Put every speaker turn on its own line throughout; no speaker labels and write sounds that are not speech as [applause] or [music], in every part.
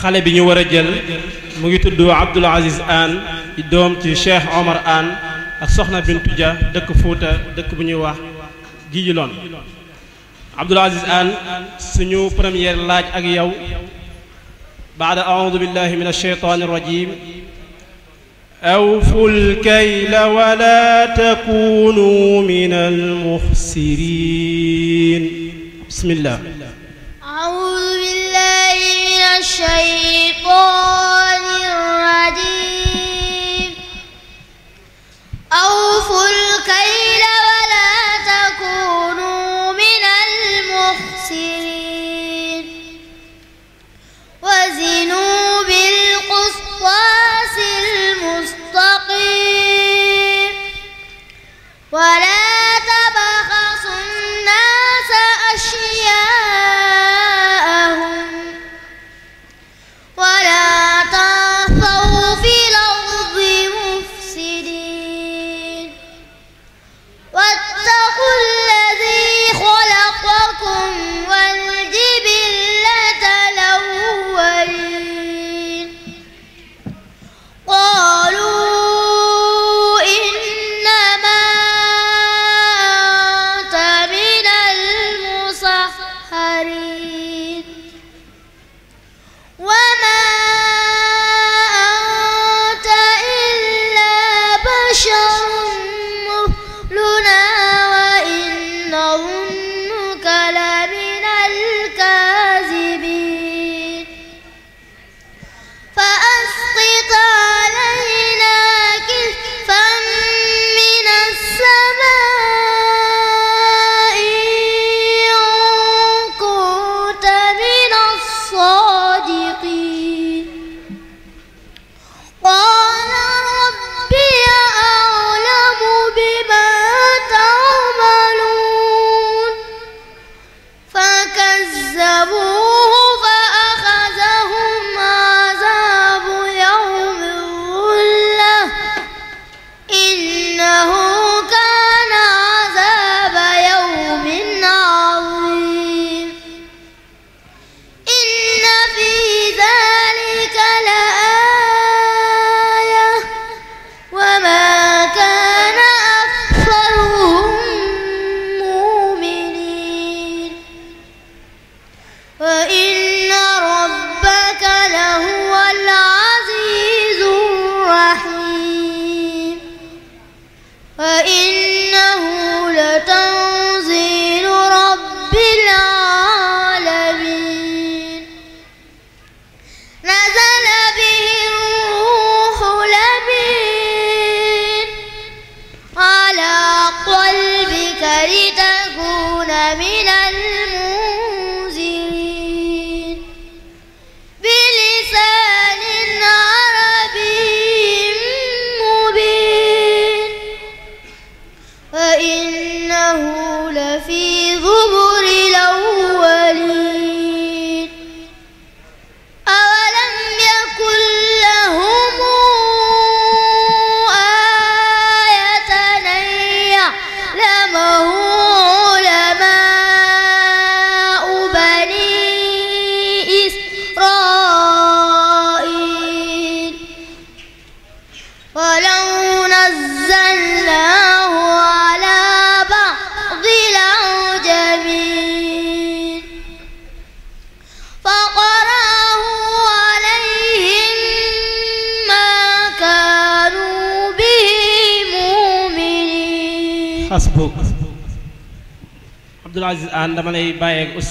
xale bi ñu war a jël mu ngi tudd Abdoul Aziz Anne doom ci Cheikh Omar Anne ak Soxna Bintu Dia dëkk Fuuta dëkk bu ñuy wax Gijiloon Abdoul Aziz Anne suñu première laaj ak yow baada aoudu billahi min alsheytaan irrajim awfu lkayla wala takunu min almuxsirin bismillah
الشيطان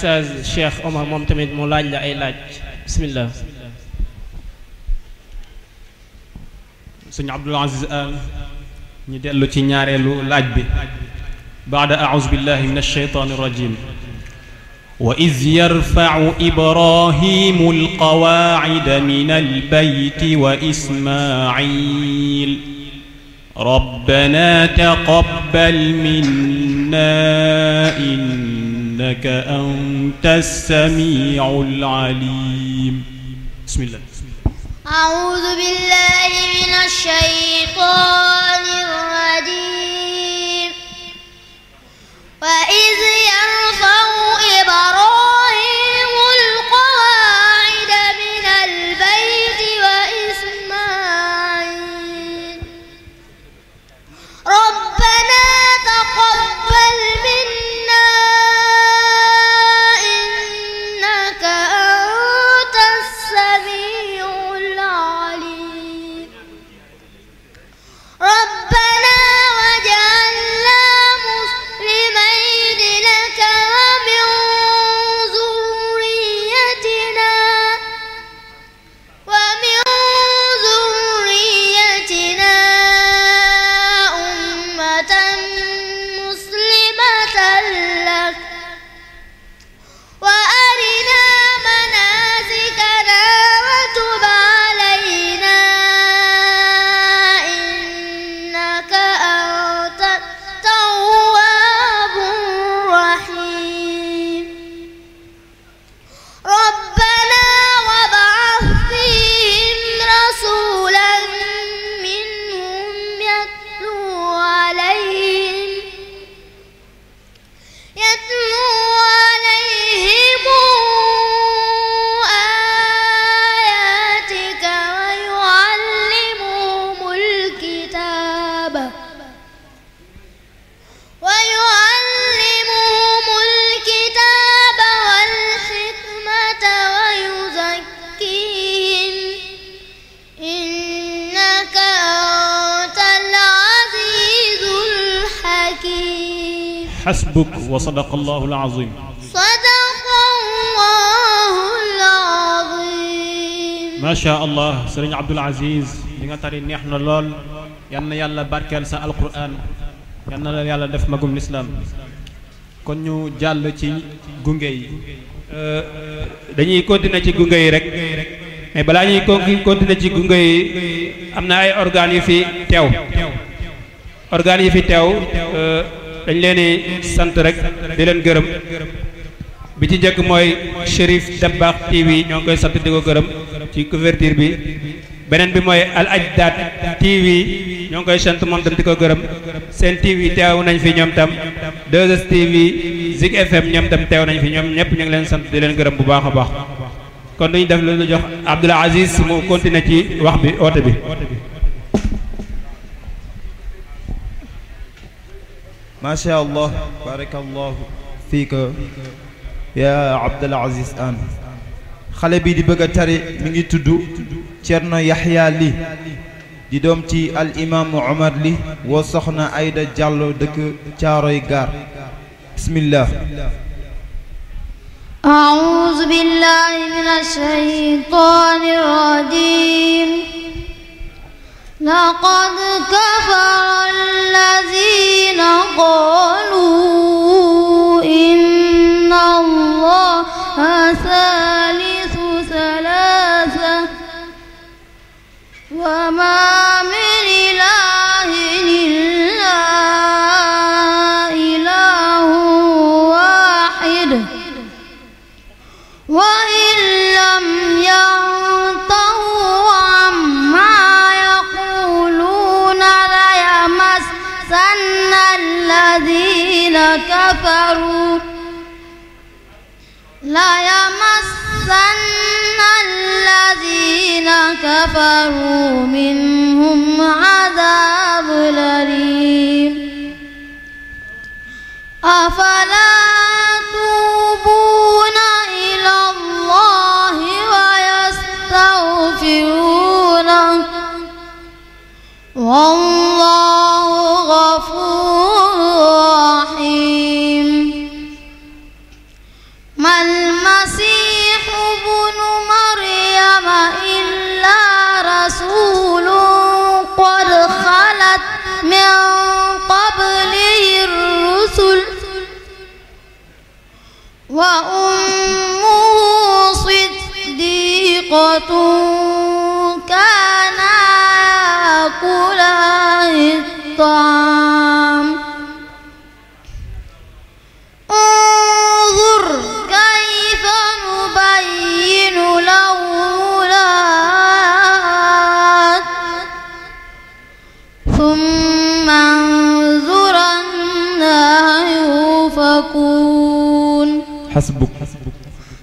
Oustaz Cheikh Omar moom tamit mu laaj la ay laaj bismillah sëñ Abdul Aziz Al euh, ñu dellu ci ñaareelu laaj bi baada aawuzu billahi min alsheytaan alrajim wa iz yarfacu ibrahimu alqawaacida min albeyti wa ismaacil rabbana taqabbal minna in innaka anta samiu alalim bismillah
aoudu billahi min alshaytan sadaqallahul aziim sadaqallahul aziim
macha allah sëriñ Abdul Aziz li nga tari neex na lool yal yàlla barkeel sa alquran yal na la yàlla def magum lislaam kon ñu jàll ci gunge yi euh, dañuy continuer ci gunge yi rek mais balaa ñuy continuer ci gunge yi am na ay organes yu fi teew organes yi fi teew euh, dañ leen sant rek di leen gërëm bi ci njëkk mooy Chérif Dabakh TV ñoo ngi koy sant di ko gërëm ci couverture bi beneen bi mooy Al Ajdaat TV ñoo ngi koy sant moom tam di ko gërëm seen TV teew nañ fi ñoom tam 2S TV Zik FM ñoom tam teew nañ fi ñoom ñëpp ñu ngi leen sant di leen gërëm bu baax a baax kon duñu def lu jox Abdoul Aziz mu continuer ci wax bi oote bi
macha allah barakallahu fiika yaa Abdul Aziz An xale bi di bëgg a tari mi ngi tudd Cerno Yaxya Li di doom ci al imaamu Omar Li woo soxna Ayda Diallo dëkk Caaroy Gaar bismillah أعوذ
بالله من الشيطان الرجيم لقد كفر الذين قالوا إن الله ثالث ثلاثة وما ليمسن الذين كفروا منهم عذاب أليم أفلا توبون إلى الله ويستغفرونه والله وأمه صديقة hasbuk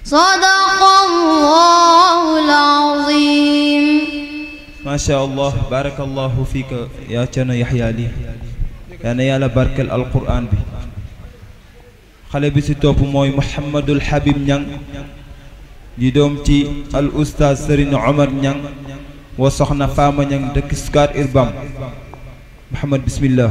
sadaqallahul azim
macha allah barakallahu fiika yaa cana yaxya li yaa na yàlla barkel alquran bi xale bi ci topp mooy Mouhamadul Habib Niang di doom ci al oustaz Serigne Omar Niang wa soxna Fama Niang dëkk Scat Urbam Mouhamad bismillah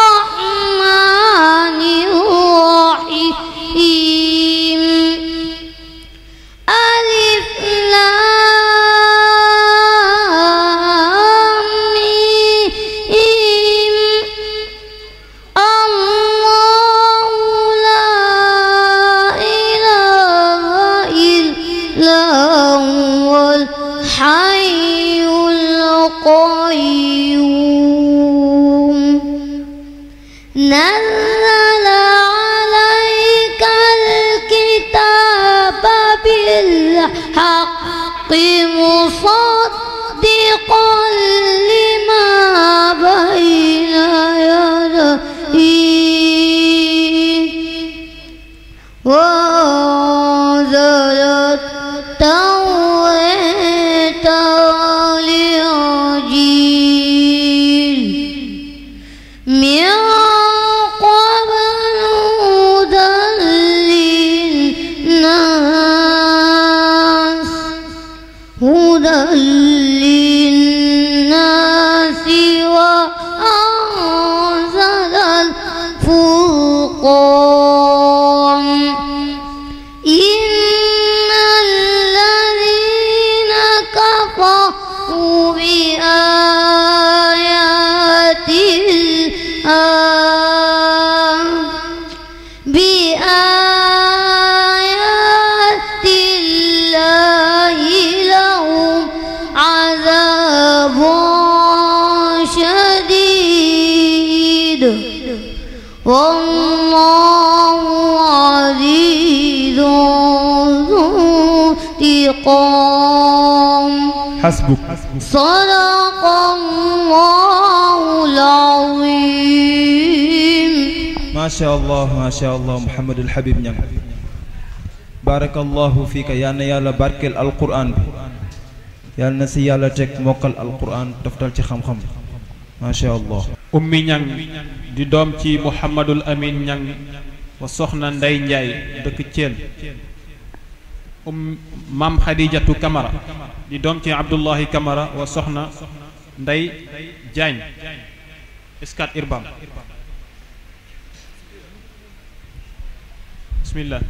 والله عزيز ذو انتقام حسبك صدق
الله العظيم ما شاء الله ما شاء الله محمد الحبيب نعم بارك الله فيك يا نيالا بارك القرآن yàlla na si yàlla teg mokkal alquran daftal ci xam-xam macha allah
ummi ñang di doom ci muhammadul amin ñang wa soxna ndey njaay dëkk Thiel um maam xadijatu kamara di doom ci abdullahi kamara wa soxna ndey jaañ iskat irbam bismillah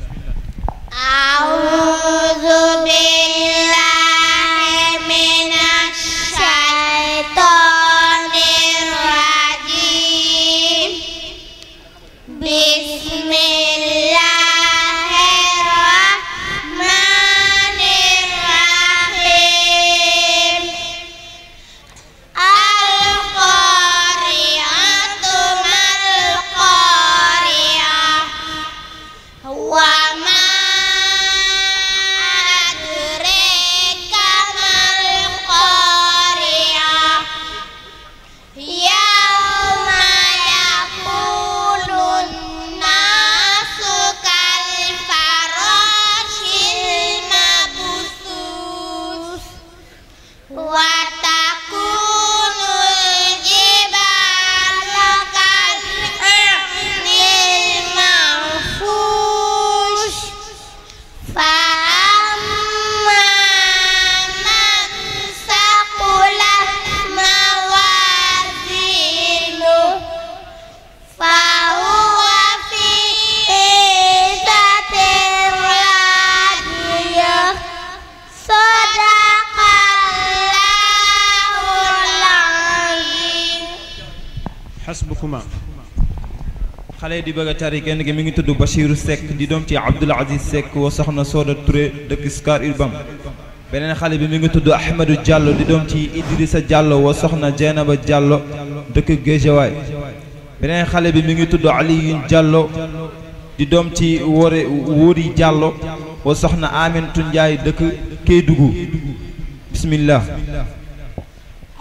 Kumba xale di bëgg a tari kenn gi mi ngi tudd Bachirou Seck di doom ci Abdoul Aziz Seck woo soxna Soda Touré dëkk Scar Urbam beneen xale bi mi ngi tudd Ahmadou Diallo di doom ci Idrissa jàlloo woo soxna Dieynaba Diallo dëkk Géejawaay beneen xale bi mi ngi tudd Alioune Diallo di doom ci Wore Wori Diallo woo soxna Amintou Ndiaye dëkk Kédougou bismillah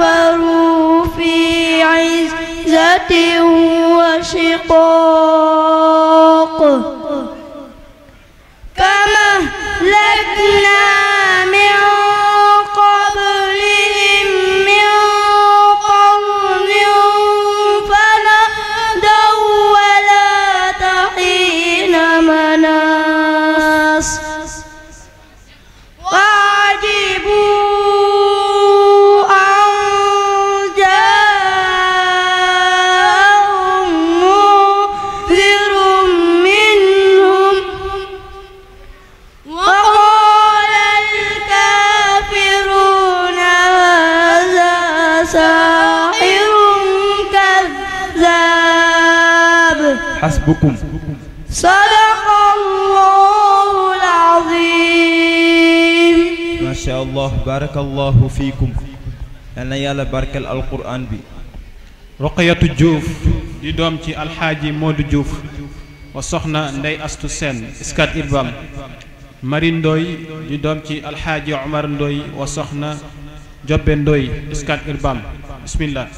كفروا في عزة وشقاق كما لكنا حسبكم صدق الله العظيم
ما شاء الله بارك yàlla na yàlla bi roqayatu diouf
di doom ci alxaaji moodu diouf wa soxna ndey astu seen iskat irbam mari ndooy di doom ci alxaaji omar ndooy wa soxna jobe ndooy iskat irbam bismillah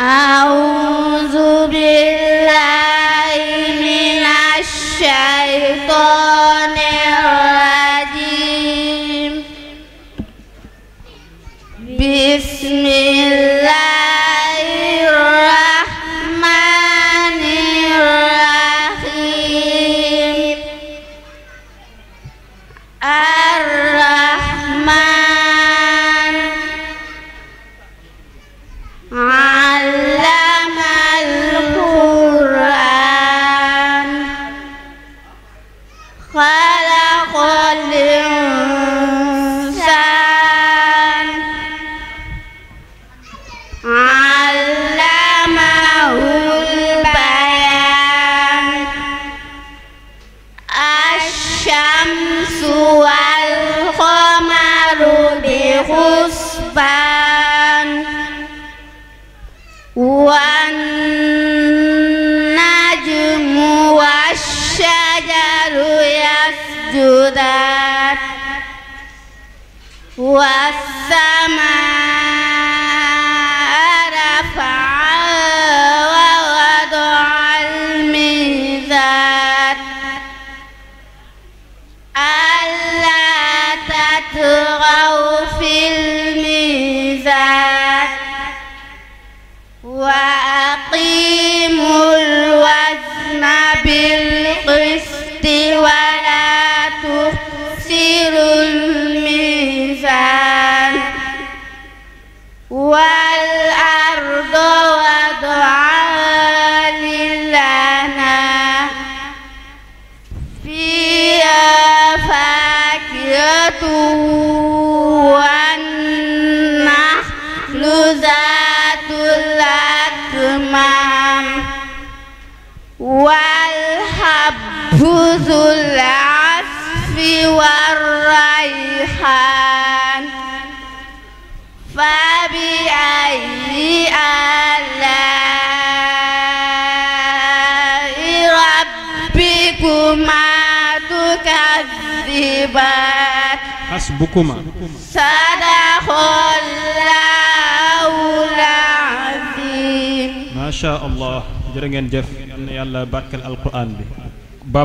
أعوذ بالله من الشيطان الرجيم بسم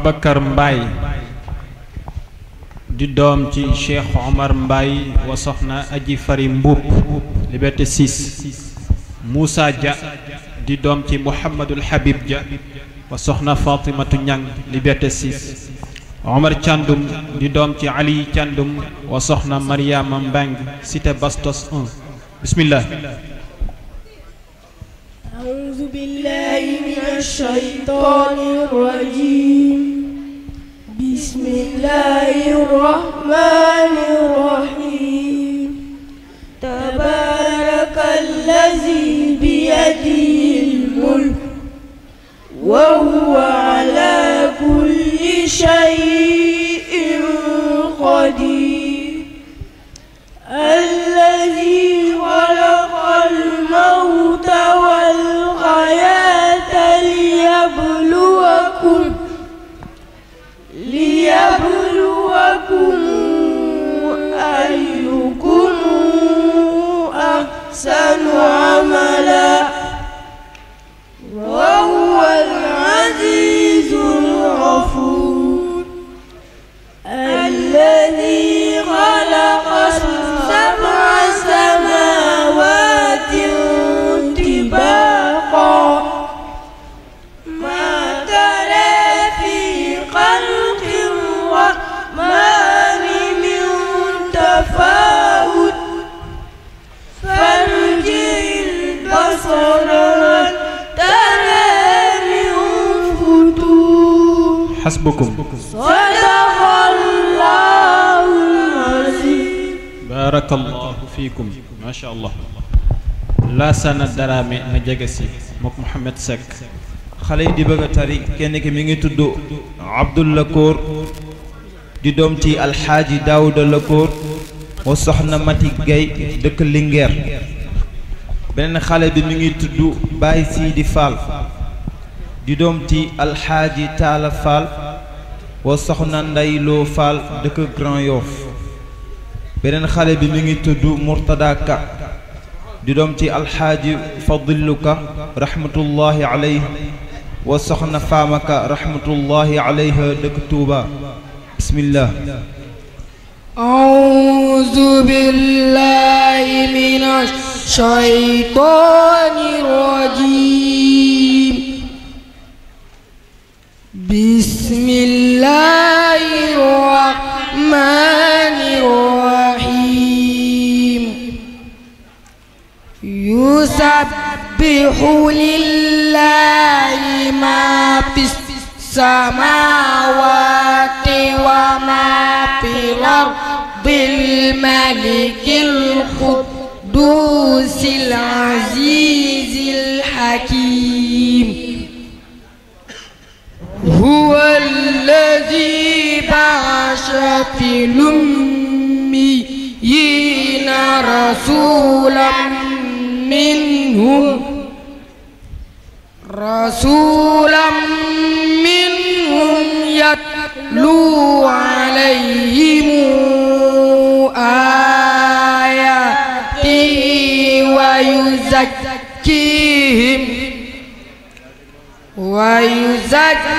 Babacar Mbaye di doom ci Cheikh Omar Mbaye wa soxna Aji Fari Liberté 6 Moussa Dia di doom ci Mouhamadul Habib Dia wa soxna Fatimatu Ñang Liberté 6 Omar Thiandoum di Mbang cité Bastos bismillah
بسم الله
الرحمن الرحيم تبارك الذي بيده الملك
وهو على
كل شيء قدير الذي خلق الموت
ليبلوكم أيكم أحسن عملا وهو العزيز الغفور الذي
xasbukum
baarakallahu fiikum
xale yi di bëgg tari kenn ki mi ngi tudd Abdul Lakoor di doom ci alxaaji Daawuda Lakoor moo soxna Mati Gay dëkk Linguère beneen xale bi mi ngi tudd Baye Sidi Fall di doom ci alxaaji taala faal wa soxna nday loo faal dëkk Grand Yoff beneen xale bi mu ngi tudd murtada di doom ci alxaaji fadilu ka raxmatullaahi wa soxna faama ka raxmatullaahi dëkk tuuba bismillah
أعوذ بالله من الشيطان الرجيم بسم الله الرحمن الرحيم يسبح لله ما في السماوات وما في الأرض الملك القدوس العزيز الحكيم هو الذي بعث في الأميين رسولا منهم رسولا منهم يتلو عليهم آياته ويزكيهم ويزكيهم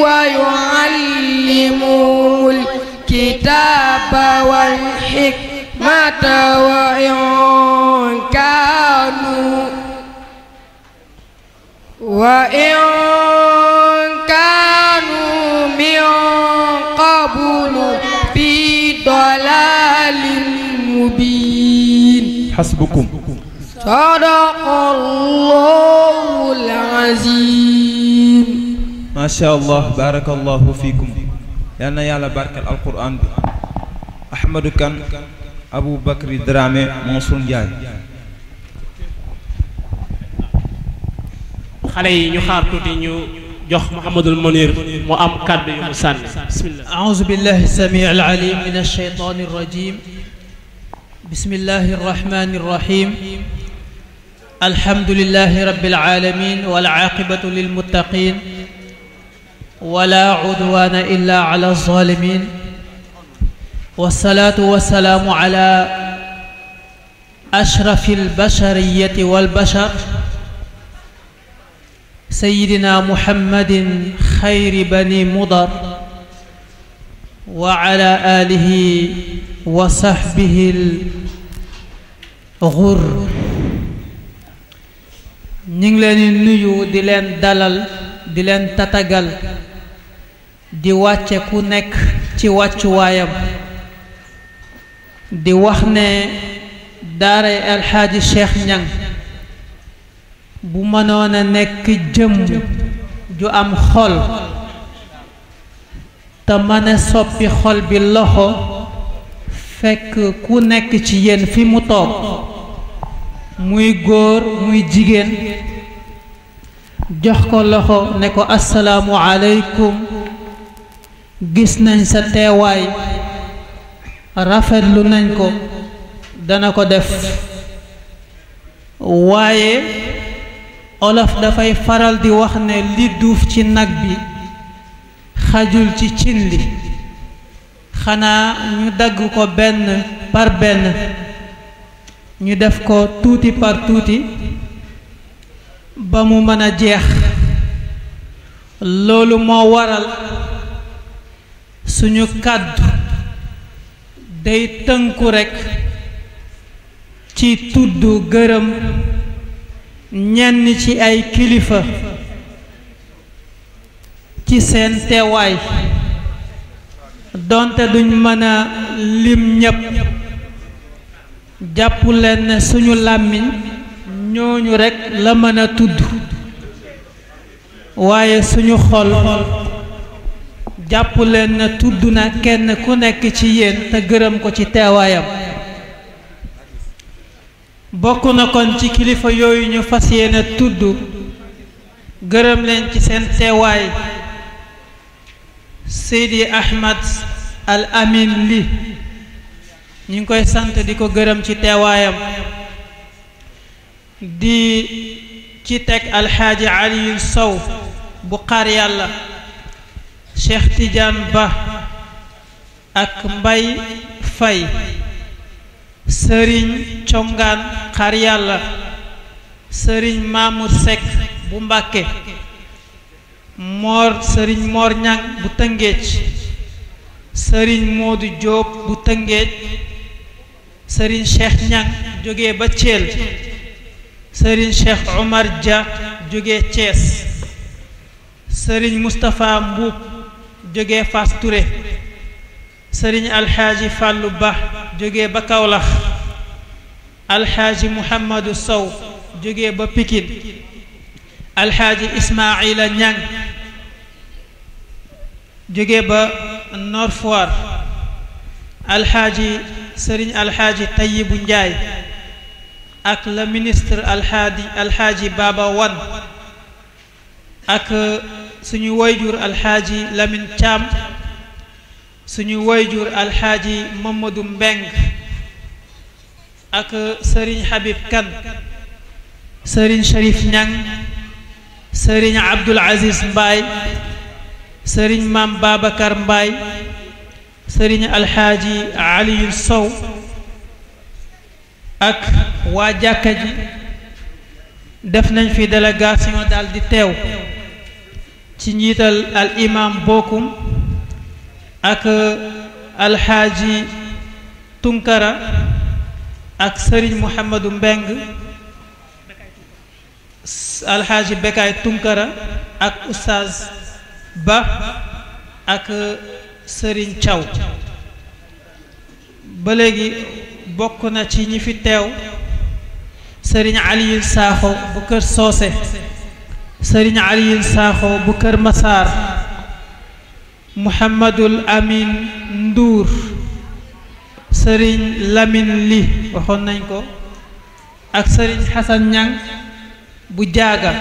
ويعلمهم الكتاب والحكمة وإن كانوا وإن كانوا من قبل في ضلال
مبين حسبكم
sadaqallahul aziim
macha allah barakallahu fiikum yal na yàlla barkal alquran bi Ahmadou Kane Abou Bakri Dramé Mansour Ndiaye
xale yi ñu xaar tuuti ñu jox Mouhamadul Mounir mu am kàddu yu mu sànni
bismillah aouzu billahi samii alalim min alsheytan arrajim bismillahi arrahmani arrahim alhamdulilahi rabbil aalamiin wal aaqibatu lil muttaqiin wala udwaana illaa ala zaalimiin wasalaatu wasalaamu ala ashrafi albashariyati walbashar sayidina muhammadin xayri bani mudar wa ala aalihi wa saxbihi al-ghurr ñu ngi leen nuyu di leen dalal di leen tatagal di wàcce ku nekk ci wàccuwaayam di wax ne daaray alxaaji Cheikh Niang bu mënoon a nekk jëm ju am xol te mën a soppi xol bi loxo fekk ku nekk ci yéen fi mu toog muy góor muy jigéen jox ko loxo ne ko assalaamu aleykum gis nañ sa teewaay rafetlu nañ ko dana ko def waaye olof dafay faral di wax ne li duuf ci nag bi xajul ci cin li xanaa ñu dagg ko benn par benn ñu def ko tuuti par tuuti ba mu mën a jeex loolu moo waral suñu kàddu day tënku rekk ci tudd gërëm ñenn ci ay kilifa ci seen teewaay doonte duñ mën a lim ñépp jàpp leen ne suñu làmmiñ ñooñu rekk la mëna tudd waaye suñu xol jàpp leen ne tudd na kenn ku nekk ci yéen te gërëm ko ci teewaayam bokk na kon ci kilifa yooyu ñu fas yéene tudd gërëm leen ci seen teewaay Seydi Ahmad Al Amin Ly ñu ngi koy sant di ko gërëm ci teewaayam di ci teg alxaaji Aliyun Sow bu xaar yàlla Cheikh Tidiane Ba ak Mbay Fay sëriñ congaan xaar yàlla sëriñ Mamour Seck bu Mbàkke moor sëriñ moor ñang bu tëngéej sëriñ Moodu Jóob bu tëngéej sëriñ cheikh ñang jóge ba Thiel sëriñ cheikh omar dia jóge Thiès sëriñ moustapha mbuub jóge Fass Touré sëriñ alxaaji fàllu ba jóge ba kawlax alxaaji muhammadu sow jóge ba pikin alxaaji ismaila ñang jóge ba Nord alxaaji sëriñ alxaaji Tayyibu Njaay ak la ministre alxaaji alxaaji Baba Wan ak suñu woyjur alxaaji Lamin Caam suñu woyjur alxaaji Mamadu Mbeng ak sëriñ Habib Kan sëriñ Sharif Ñang sëriñ Abdul Aziz Mbaay sëriñ Maam Babacar Mbaay sëriñ alxaaji aliyu sow ak waa jàkka ji def nañ fi délégation daldi teew ci njiital al imam bokkum ak alxaaji tunkara ak sëriñ muhammadu mbeng alxaaji bekaay tunkara ak ustaz ba ak sëriñ Thiaw ba léegi bokk na ci ñi fi teew sëriñ Aliyu Saaxo bu kër Soose sëriñ Aliyu Saaxo bu kër Masaar Muhammadul Amin Nduur sëriñ Lamin Li waxoon nañ ko ak sëriñ Xasan Ñang bu jaaga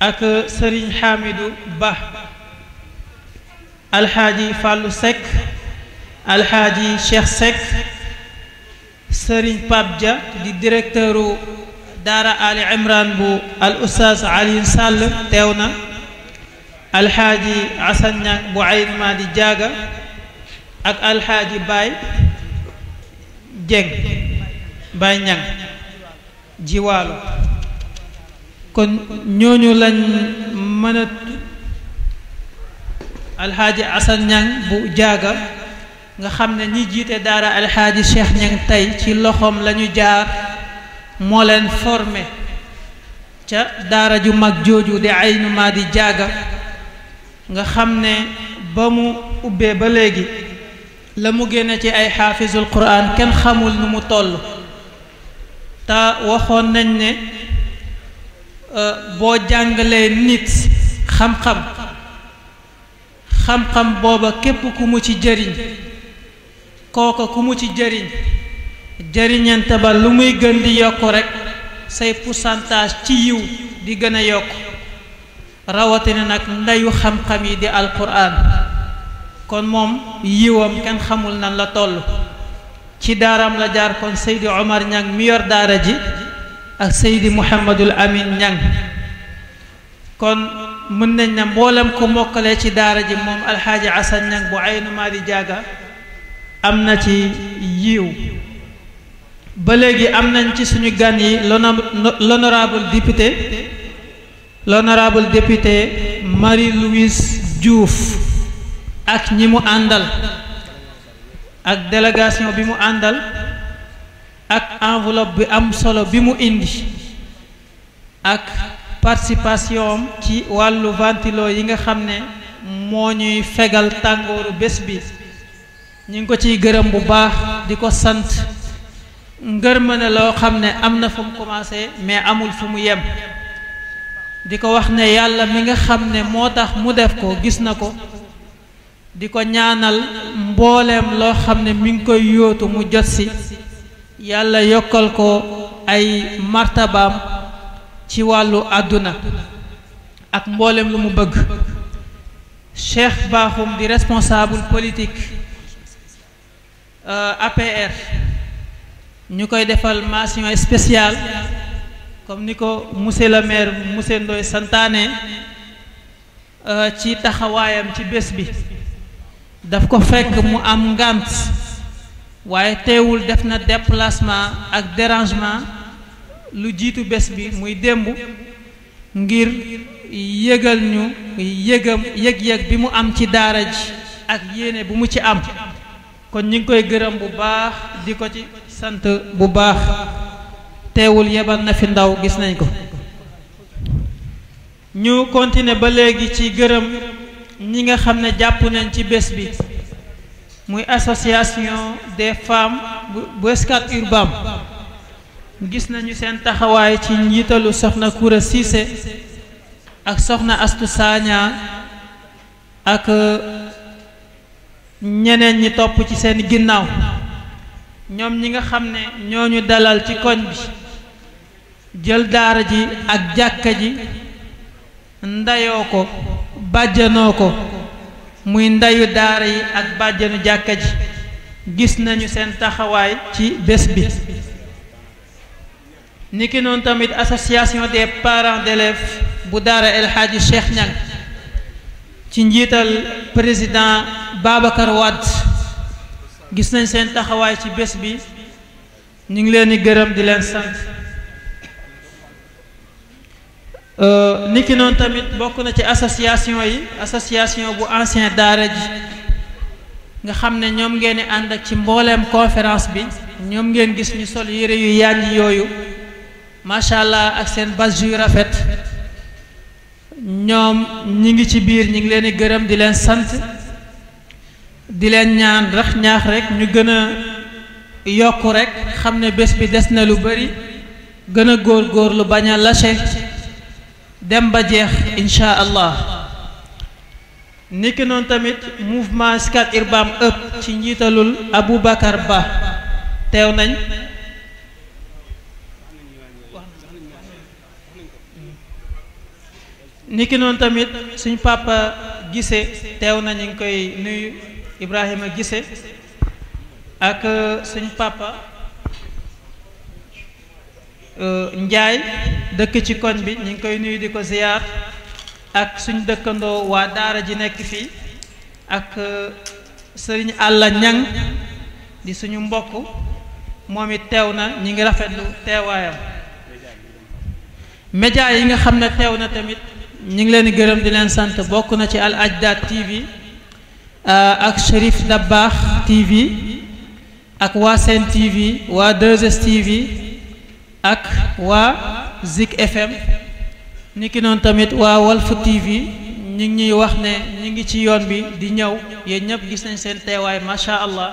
ak sëriñ Xamidu Ba alxaaji fàllu sekk alxaaji cheikh sekk sëriñ Pape Dia di directeuru daara ali imran bu al oustaz Alioune Sall teew na alxaaji asan bu ayn ma di jaaga ak alxaaji baay jeng baay ñang jiwaalo kon ñooñu lañ mën alxaaji Assane Niang bu jaaga nga xam ne ñi jiite daara alxaaji Cheikh Niang tey ci loxoom lañu jaar moo leen formé ca daara ju mag jooju di aynu maa di jaaga nga xam ne ba mu ubbee ba léegi la mu génn ci ay xaafisul quran kenn xamul nu mu toll te waxoon nañ ne euh, boo jàngalee nit xam-xam xam-xam booba képp ku mu ci jëriñ kooka ku mu ci jariñ jëriñante ba lu muy gën di yokk rekk say pourcentage ci yiw di gëna yokk rawatina nag ndeyu xam-xam yi di alquran kon moom yiwam kenn xamul nan la toll ci daaram la jaar kon Seydi Omar Ñang mi yor daara ji ak Seydi Mouhamadul Amin Ñang kon mën nañ ne mboolem ko mokkalee ci daara ji moom alxaaji asan ñang bu aynu maa di jaaga am na ci yiw ba léegi am nañ ci suñu gan yi l'honorable député l'honorable député Marie-Louise Diouf ak ñi mu àndal ak délégation bi mu àndal ak enveloppe bi am solo bi mu indi ak participation am ci wàllu ventilo yi nga xam ne moo ñuy fegal tàngooru bés bi ñu ngi ko ciy gërëm bu baax di ko sant ngërma ne loo xam ne am na fu mu commencé mais amul fu mu yem di ko wax ne yàlla mi nga xam ne moo tax mu def ko gis na ko di ko ñaanal mbooleem loo xam ne mu ngi koy yóotu mu jot si yàlla yokkal ko ay martabaam ci wàllu àdduna ak mboolem lu mu bëgg Cheikh Bakhoum di responsable politique euh, APR ñu koy defal mention spécial comme ni ko monsieur la maire monsieur Ndoye santaane euh, ci taxawaayam ci bés bi daf ko fekk mu am ngànt waaye teewul def na déplacement ak dérangement lu jiitu bés bi muy démb ngir yëgal ñu yëgam yëg-yëg bi mu am ci daara ji ak yéene bu mu ci am kon ñu ngi koy gërëm bu baax di ko ci sant bu baax teewul yebal na fi ndaw gis nañ ko ñu continuer ba léegi ci gërëm ñi nga xam ne jàpp nañ ci bés bi muy association des femmes bu Scat Urbam gis nañu seen taxawaay ci njiitalu soxna Koura Cissé ak soxna Astu Saña ak euh, ñeneen ñi topp ci seen ginnaaw ñoom ñi nga xam ne ñu dalal ci koñ bi jël daara ji ak jàkka ji ndayoo ko bàjjanoo ko muy ndayu daara yi ak bàjjanu jàkka ji gis nañu seen taxawaay ci bés bi niki tamit association des parent d'élèves bu daara El Hadji Cheikh Niang ci njiital président babakar Wade gis nañ seen taxawaay ci bés bi ñu ngi leen di gërëm di leen sant euh, niki noonu tamit bokk na ci association yi association bu ancien daara ji nga xam ne ñoom ngeen di ànd ak ci mbooleem conférence bi ñoom ngeen gis ñu sol yére yu yànj yooyu macha allah ak seen bas yu rafet ñoom ñi ngi ci biir ñi ngi leen di gërëm di leen sant di leen ñaan rax ñaax rekk ñu gën a yokk rek xam ne bés bi des na lu bari gën a góor góor lu bañ a lâché dem ba jeex incha allah niki noonu tamit mouvement Scat Urbam ëpp ci njiitalul Aboubacar Ba teew nañ niki noonu tamit suñ papa gise teew na ñu ngi koy nuyu Ibrahima gise ak euh, suñ papa euh, Njaay dëkk ci koñ bi ñu ngi koy nuyu di ko ziyaar ak suñ dëkkandoo waa daara ji nekk fii ak euh, sëriñ àlla ñang di suñu mbokk moom it teew na ñu ngi rafetlu teewaayam média yi nga xam ne teew na tamit ñu ngi leen di gërëm di leen sant bokk na ci Al Ajdaad TV euh, ak Cherif Dabakh TV ak waa Sen TV waa 2S TV ak waa Zik FM niki noonu tamit waa Walf TV ñu ngi ñuy wax ne ñu ngi ci yoon bi di ñëw yéen ñëpp gis nañ seen teewaay macha allah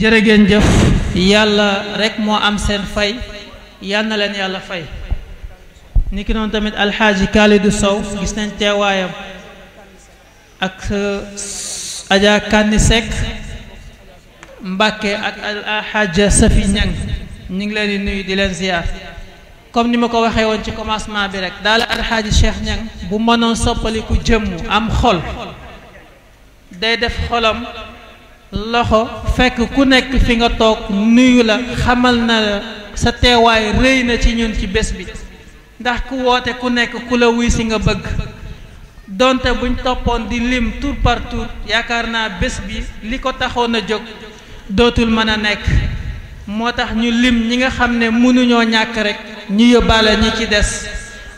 jërë jëf yàlla rek moo am seen fay yal na leen yàlla fay. ni ki noonu tamit alxaaji Khalidou Sow gis nañ teewaayam ak euh, Adja Kani Seck Mbacke ak alxaaja Safi Niang ñu ngi leen di nuyu di leen ziar comme ni ma ko waxee woon ci commencement bi rek daal alxaaji Cheikh Niang bu mënoon soppaliku jëmm am xol day def xolam loxo fekk ku nekk fi nga toog nuyu la xamal na la sa teewaay rëy na ci ñun ci bés bi ndax ku woote ku nekk ku la wuy si nga bëgg donte buñ toppoon di lim tout par tour yaakaar naa bés bi li ko taxoon a jóg dootul mën a nekk moo tax ñu lim ñi nga xam ne mënuñoo ñàkk rek ñu yóbbaale ñi ci des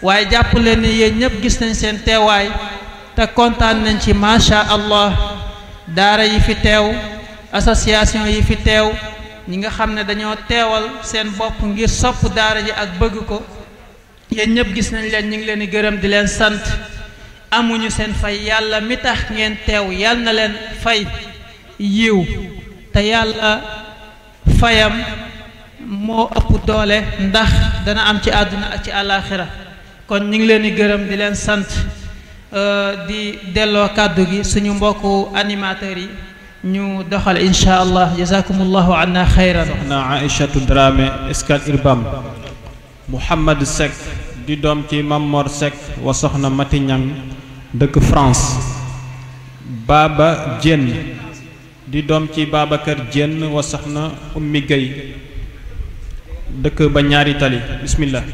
waaye jàpp leen ne yéen ñëpp gis nañ seen teewaay te kontaan nañ ci macha allah daara yi fi teew association yi fi teew ñi nga xam ne dañoo teewal seen bopp ngir sopp daara ji ak bëgg ko yéen ñëpp gis nañ leen ñu ngi leen di gërëm di leen sant amuñu seen fay yàlla mi tax ngeen teew yàlla na leen fay yiw te yàlla fayam moo ëpp doole ndax dana am ci àdduna ak ci àllaaxira kon ñu ngi leen di gërëm di leen sant di delloo kàddu gi suñu mbokku animateurs yi ñu doxal incha allah jazakumullahu anna xayran
na aïchatu drame escale irbam Mouhamad Seck di doom ci Mamor Seck wa na Mati Ñang dëkk France Baba Diène di doom ci Babacar Diène wa na Ummi Gueye dëkk ba ñaari tali bismillah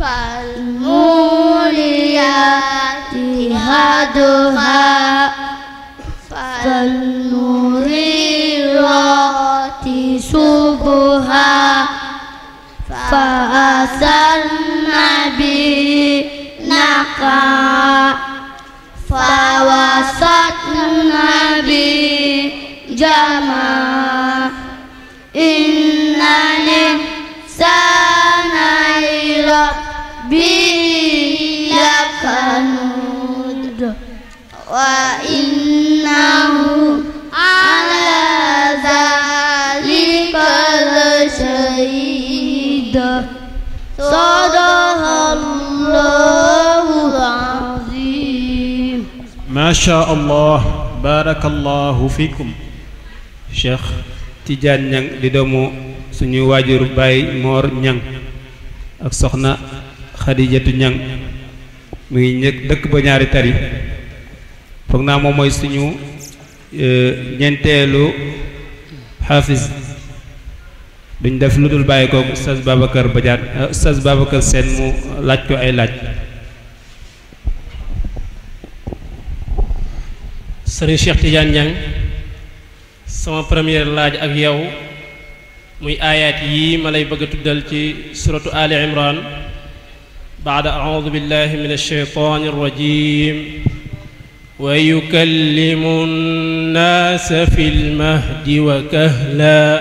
فالموليات هدها macha
allah baarakallahu fikum cheikh Tidiane Niang di doomu suñu waajur Baye Mor Niang ak soxna Xadijatu Niang mu ngi ñëkk dëkk ba ñaari tari foog naa moom mooy suñu e, ñeenteelu xaafis duñ def lu dul bàyyi ko Oustaz Babacar Badiane Oustaz Babacar Sène mu laaj ko ay laaj sëriñ Cheikh Tidiane Niang sama première laaj ak yow muy aayaat yii ma lay bëgg a tuddal ci suratu Ali Imran baada audu billahi min alsheytaani alrajim wa yukallimu nnaasa fi lmahdi wa kahla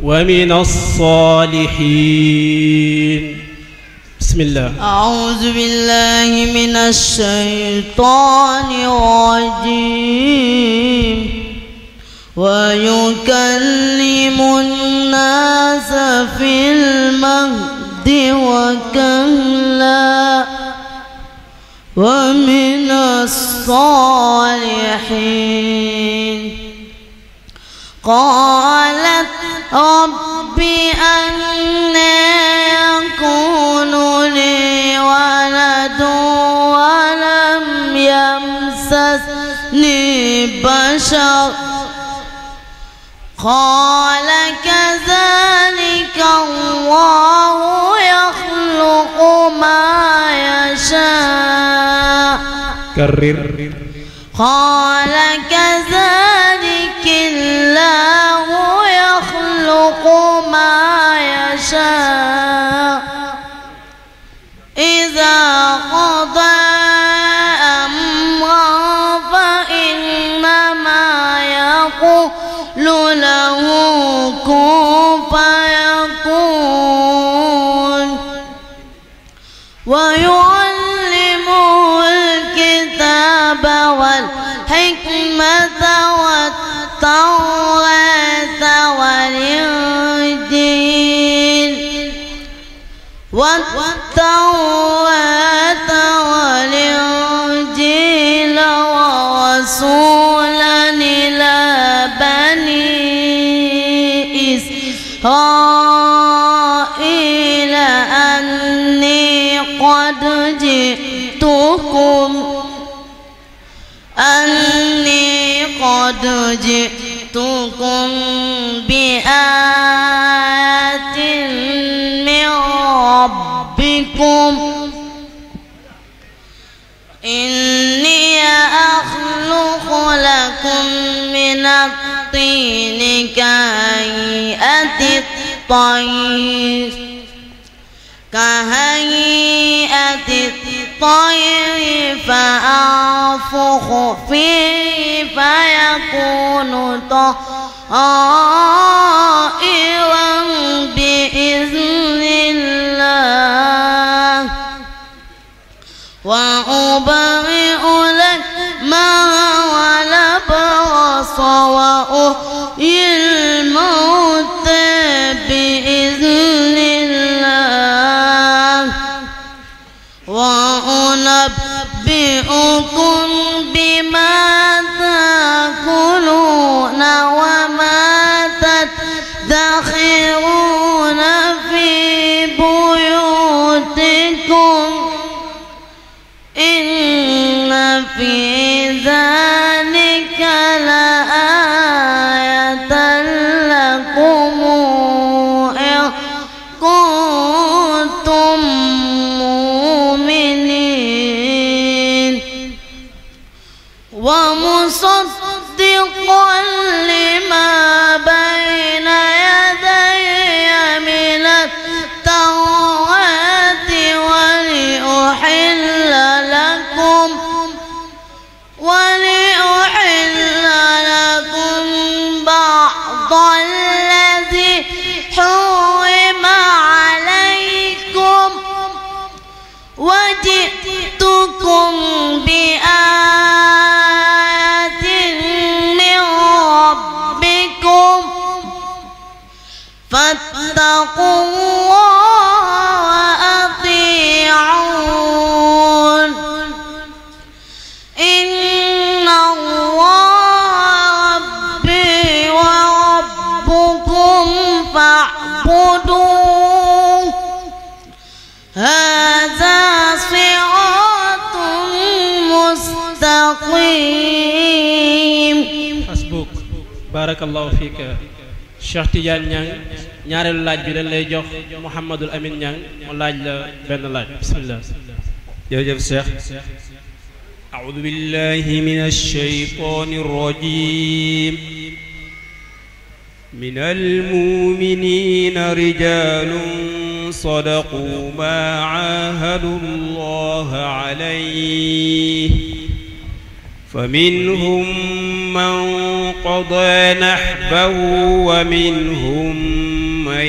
wa min alsaalihin بسم
الله أعوذ بالله من الشيطان الرجيم ويكلم الناس في المهد وكهلا ومن الصالحين قالت رب أن قال كذلك الله يخلق ما يشاء
كرر
قال كذلك الله قد جئتكم أني قد جئتكم بآيات من ربكم إني أخلق لكم من الطين كهيئة الطير كهيئة الطير فأنفخ فيه فيكون طائرا بإذن الله وأبارك
barakallahu fiika Cheikh Tidiane Niang ñaareelu laaj bi dañ lay jox Mouhamadul Amin Niang mu laaj la benn laaj bismillah jërëjëf Cheikh أعوذ بالله من الشيطان الرجيم من المؤمنين رجال صدقوا ما عاهدوا الله عليه فمنهم من قضى نحبه ومنهم من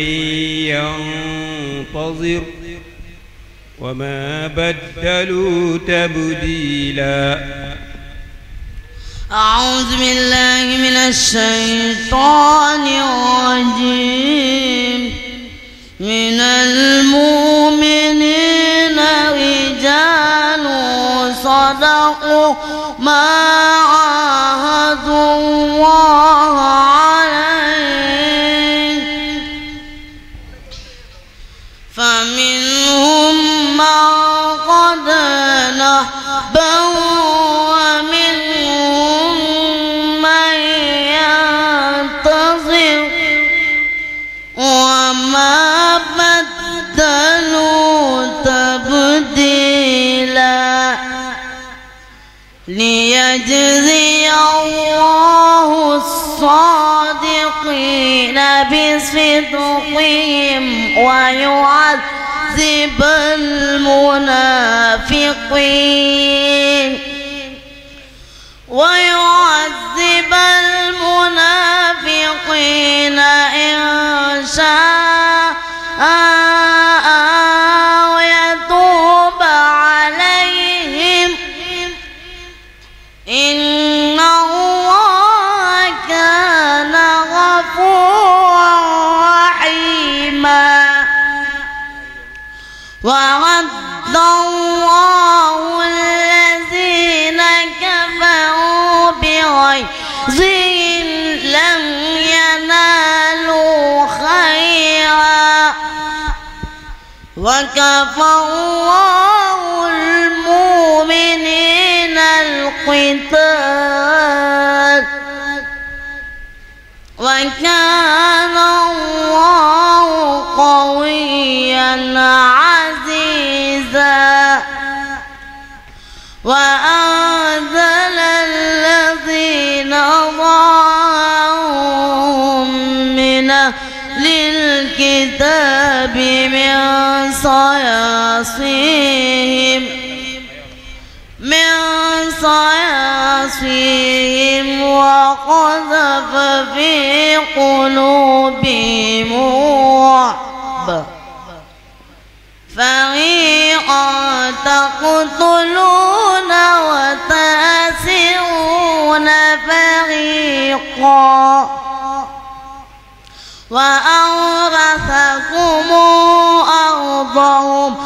ينتظر وما بدلوا تبديلا
أعوذ بالله من الشيطان الرجيم ليجزي الله الصادقين بصدقهم ويعذب المنافقين ويعذب المنافقين إن شاء وكفى الله المؤمنين القتال وكان الله قويا عزيزا وأنزل الذين ظاهرهم من الكتاب من صياصيهم من صياصيهم وقذف في قلوبهم الرعب فريقا تقتلون وتأسرون فريقا وأورثكم أرضهم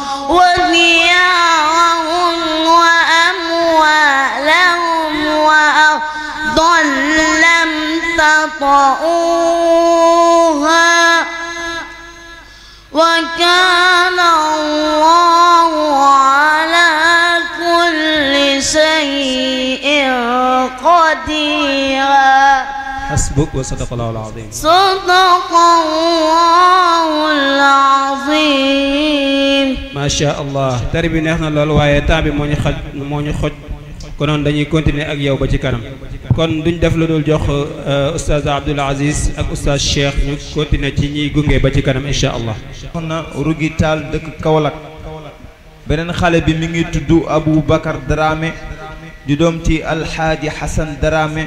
book wa sadaqallahul azim
sadaqallahul
allah tari bi neex na lool waaye temps bi moo ñu moo ñu xoj konoon dañuy continuer ak yow ba ci kanam
kon duñ def la dul jox euh, oustaz Abdoul Aziz ak oustaz Cheikh ñu continuer ci ñuy gunge ba ci kanam insha allah na rugi taal dëkk Kaolack beneen xale bi mi ngi tudd Abou Bakar Dramé di doom ci alxaaji Xasan Dramé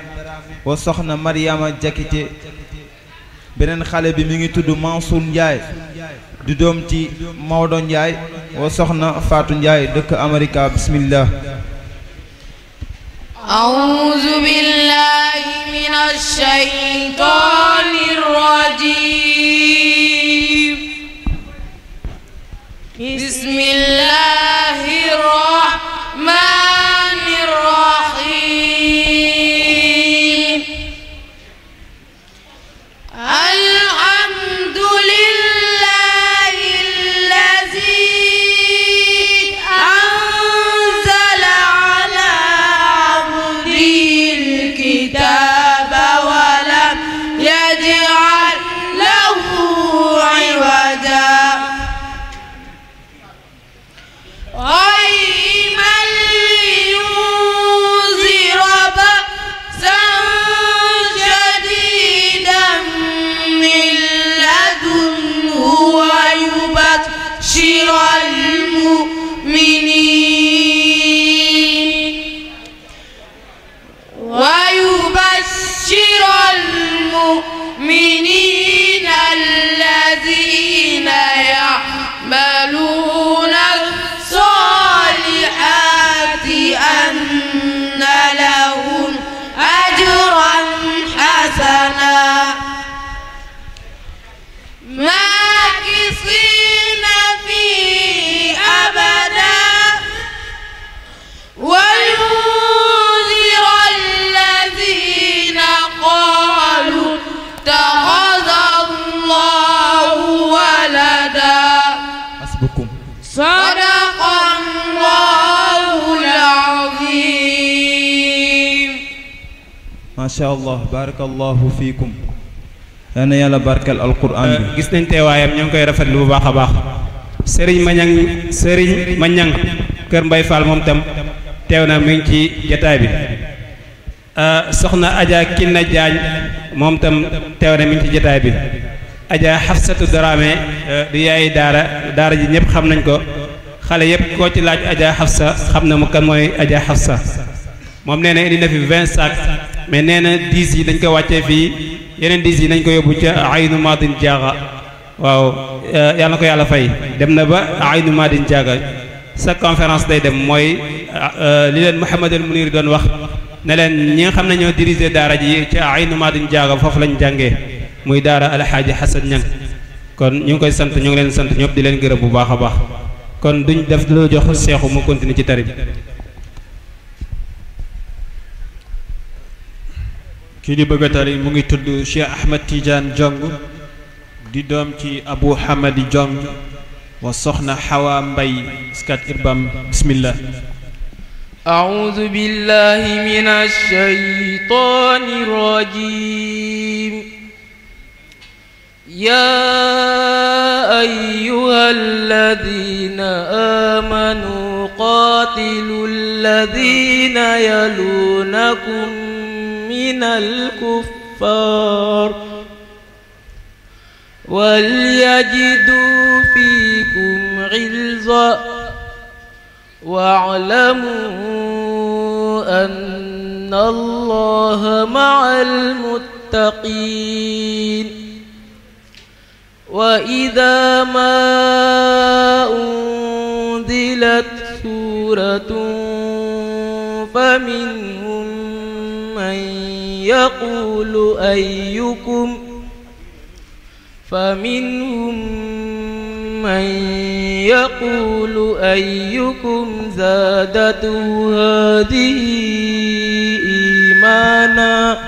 wa soxna Mariama Jakite beneen xale bi mu ngi tudd Mansour Ndiaye di doom ci Maodo Ndiaye wa soxna Fatou Ndiaye dëkk Amerika bismillah
balu
macha allah barakallahu fiikum na yàlla barkal alquran bi eh, gis nañ teewaayam ñoo ngi koy rafetlu bu baax a baax sëriñ mañang sëriñ mañang
kër mbay fall moom tam teew na mi ci jataay bi eh, soxna aja kinna jaañ moom tam teew na mi ci jataay bi aja xafsatu daraame eh, di yaay daara daara ji ñëpp xam nañ ko xale yëpp koo ci laaj aja xafsa xam na mu kan mooy aja xafsa moom nee na indi na fi vingt mais nee na diis yi dañ ko wàccee fii yeneen diis yi nañ ko yóbbu ca aynu madin jaaga waaw eh, yàlla na ko yàlla fay dem na ba aynu madin jaaga sa conférence day dem mooy eh, li leen Mouhamed El Mounir doon wax ne leen ñi nga xam ne ñoo dirigé daara ji ca aynu madin jaaga foofu lañ jàngee muy daara alxaaji Xasan Ñang kon ñu ngi koy sant ñu ngi leen sant ñëpp di leen gërëb bu baax a baax kon duñ def lu jox seexu mu continue ci tarib kii di bëgg tari mu ngi tudd Cheikh Ahmed Tidiane Diong di doom ci Abu Hamadi Diong wa soxna Xawa Mbay skat Irbam bismillah
أعوذ بالله من الشيطان الرجيم يا أيها الذين آمنوا قاتلوا الذين يلونكم من الكفار وليجدوا فيكم غلظة واعلموا أن الله مع المتقين وإذا ما أنزلت سورة فمنهم يقول أيكم فمنهم من يقول أيكم زادته هذه إيمانا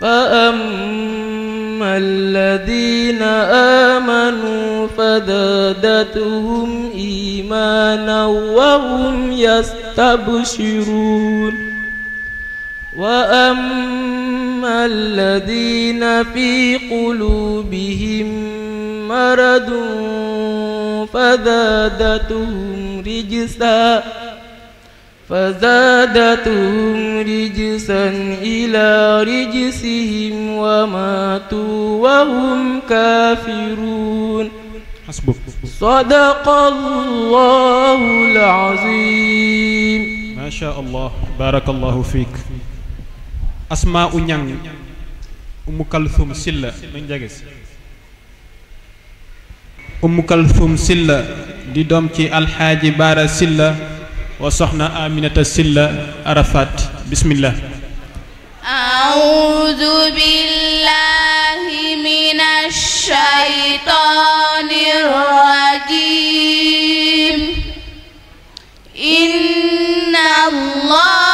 فأما الذين آمنوا فزادتهم إيمانا وهم يستبشرون وأما الذين في قلوبهم مرض فزادتهم رجسا فزادتهم رجسا إلى رجسهم وماتوا وهم كافرون حسبك صدق الله العظيم ما شاء الله
بارك الله فيك asmaa u ñang umu kalthum silla di doom ci alxaaji baara silla wa soxna aminata silla arafat bismillah
أعوذ بالله من الشيطان الرجيم إن الله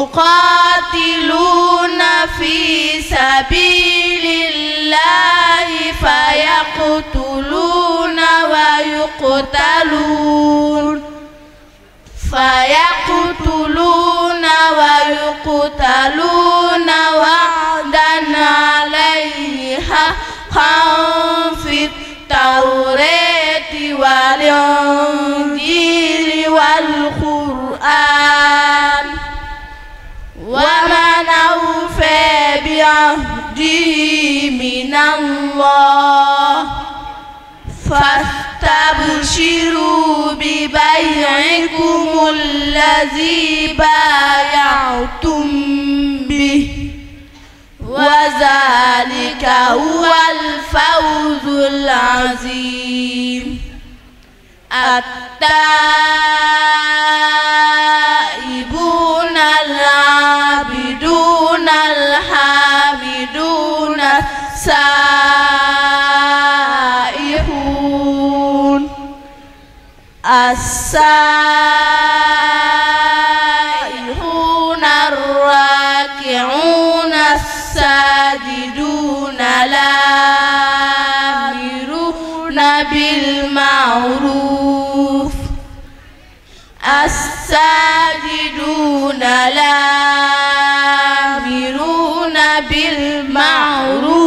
يقاتلون في سبيل الله فيقتلون ويقتلون فيقتلون ويقتلون وعدا عليه حقا في التوراة والإنجيل
يرجي من
الله فاستبشروا ببيعكم الذي بايعتم به
وذلك هو
الفوز العظيم التائبون العابدون الحامدون السائحون السائحون الراكعون الساجدون الآمرون بالمعروف الساجدون الآمرون بالمعروف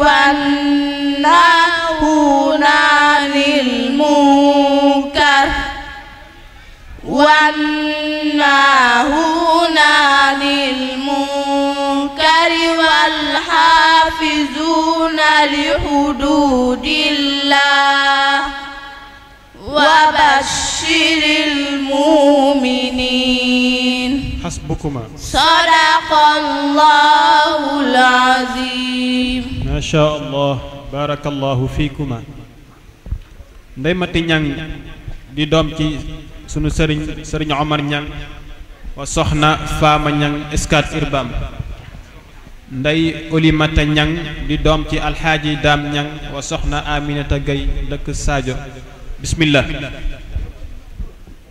والنهون عن المنكر والنهون عن المنكر والحافظون لحدود الله
وبشر
بشر المؤمنين حسبكما صدق ma العظيم
ما شاء الله بارك ñang di doom ci sunu sëriñ sëriñ Omar ñang wa soxna faama ñang Scat Urbam ndey olimata ñang di doom ci alxaaji daam ñang wa soxna aminata gay dëkk Sadio bismillah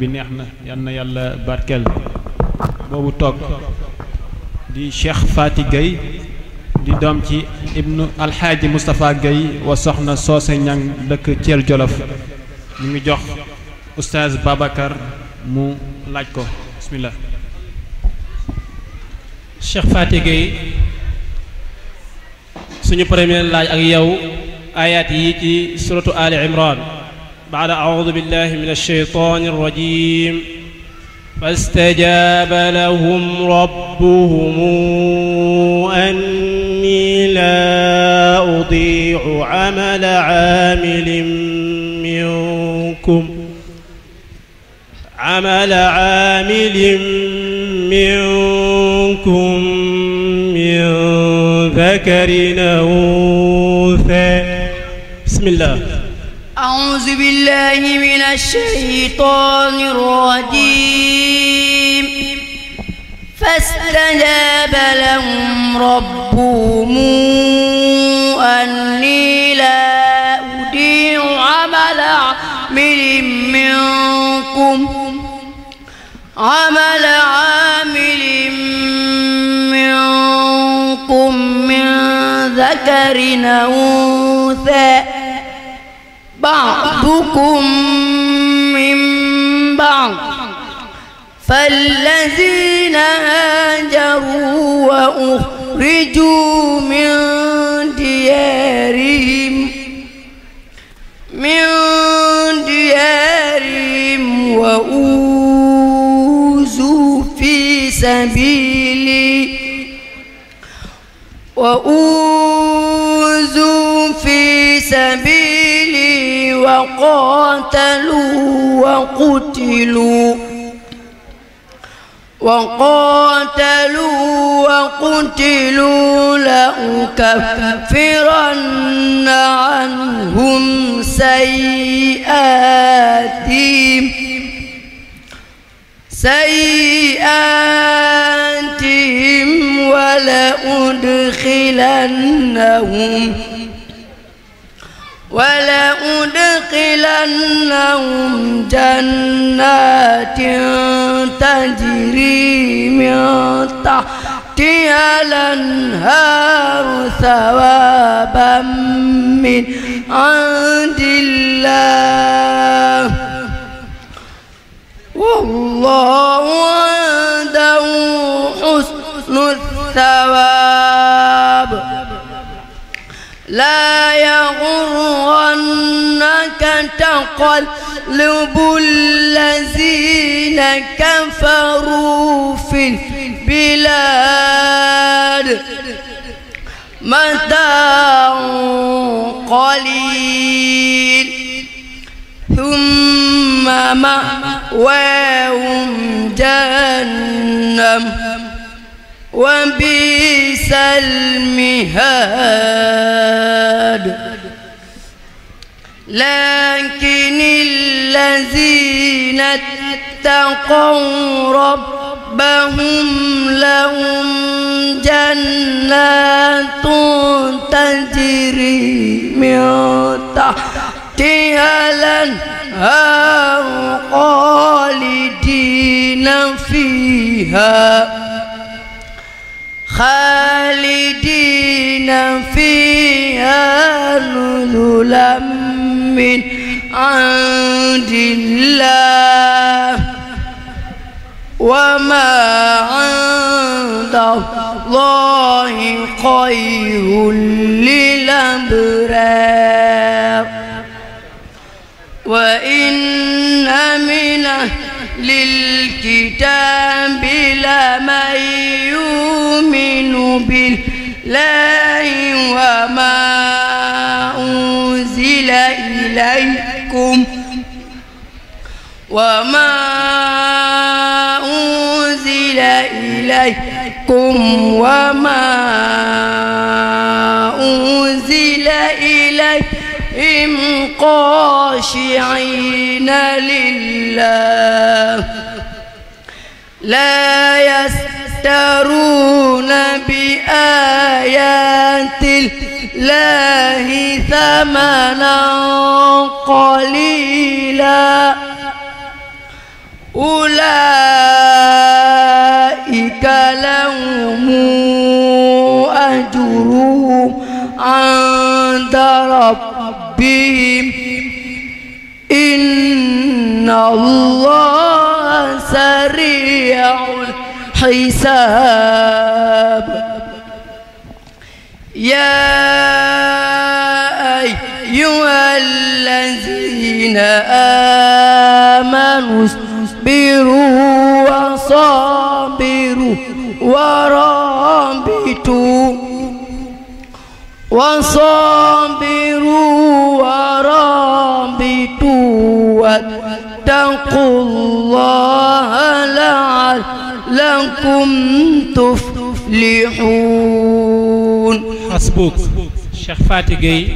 bi neex na yal na yàlla barkeel boobu toog di Cheikh Fati Gueye di doom ci ibnu alxaaji Moustapha Gueye wa soxna Soose Ñang dëkk Thiel Jolof ñu ngi jox oustaz Babacar mu laaj ko bismillah Cheikh Fati Gueye suñu premier laaj ak yow ayaat yi ci suratu Ali Imran بعد أعوذ بالله من الشيطان الرجيم فاستجاب لهم ربهم أني لا أضيع عمل عامل منكم عمل عامل منكم من ذكر أو
أعوذ بالله من الشيطان الرجيم فاستجاب لهم ربهم أني لا أضيع عمل عامل منكم عمل عامل منكم من ذكر أنثى بعضكم من بعض فالذين هاجروا وأخرجوا من ديارهم من ديارهم وأوذوا في سبيلي وأوذوا في سبيلي وقاتلوا وقتلوا وقاتلوا وقتلوا لأكفرن عنهم سيئاتهم سيئاتهم ولأدخلنهم ولأدخلنهم جنات تجري من تحتها الأنهار ثوابا من عند الله والله عنده حسن الثواب لا يغرنك تقلب الذين كفروا في البلاد متاع قليل ثم مأواهم جهنم وبئس المهاد لكن الذين اتقوا ربهم لهم جنات تجري من تحتها الانهار خالدين فيها خالدين فيها نزلا من عند الله وما عند الله خير للأبرار وإن من للكتاب لمن يؤمن بالله وما أنزل إليكم وما أنزل إليكم وما أنزل إليكم إم خاشعين لله لا يسترون بآيات الله ثمنا قليلا أولئك لهم أجرهم عند ربهم ربهم إن الله سريع الحساب يا أيها الذين آمنوا اصبروا وصابروا ورابطوا وصابروا لعلكم تفلحون حسبوك
Cheikh Faty Gueye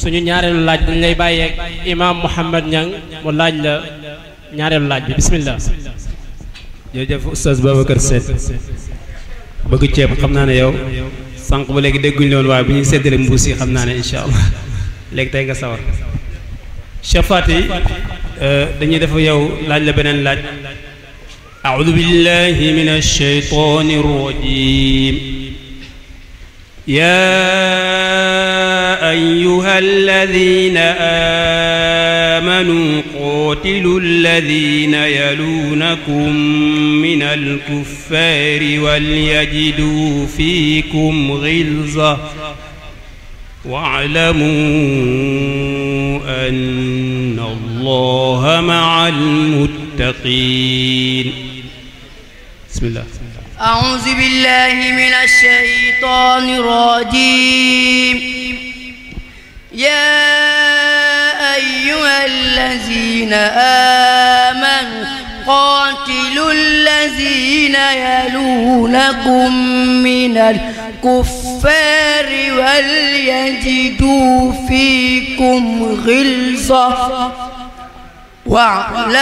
suñu ñaareelu laaj dañ lay bàyyeeg imaam Mouhamed Niang mu laaj la ñaareelu laaj bi bismillah jërëjëf oustaz Babacar Seck bëgg ceeb xam naa ne yow sànq ba léegi dégguñu loon waaye bu ñuy séddale mbuus yi xam naa ne incha allah [laughs] léegi tey nga sawar Cheikh Faty euh, dañuy def yow laaj la beneen laaj أعوذ بالله من الشيطان الرجيم يا أيها الذين آمنوا قاتلوا الذين يلونكم من الكفار وليجدوا فيكم غلظة واعلموا أن الله مع المتقين bismillah
أعوذ بالله من الشيطان الرجيم يا أيها الذين آمنوا قاتلوا الذين يلونكم من الكفار وليجدوا فيكم غلظة واعلموا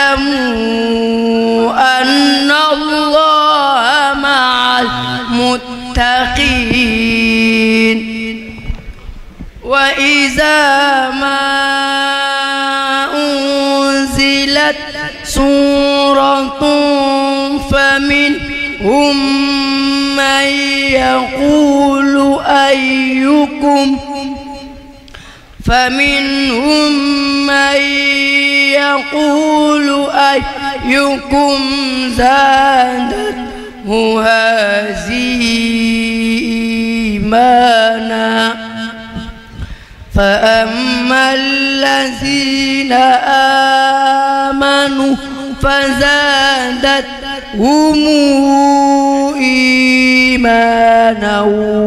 أن الله مع المتقين وإذا ما أنزلت سورة فمنهم من يقول أيكم فمنهم من يقول أيكم زادته هذه إيمانا فأما الذين آمنوا فزادتهم إيمانا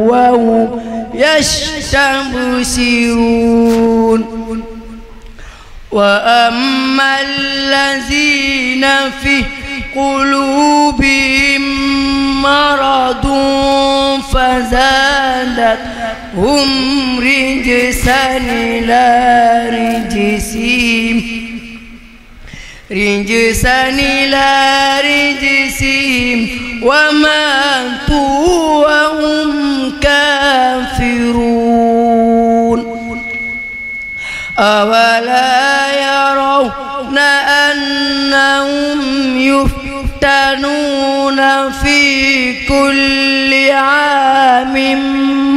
وهم يشهدون يستبصرون وأما الذين في قلوبهم مرض فزادتهم رجسا إلى رجسهم رجسا إلى رجسهم وماتوا وهم كافرون أولا يرون أنهم يفتنون في كل عام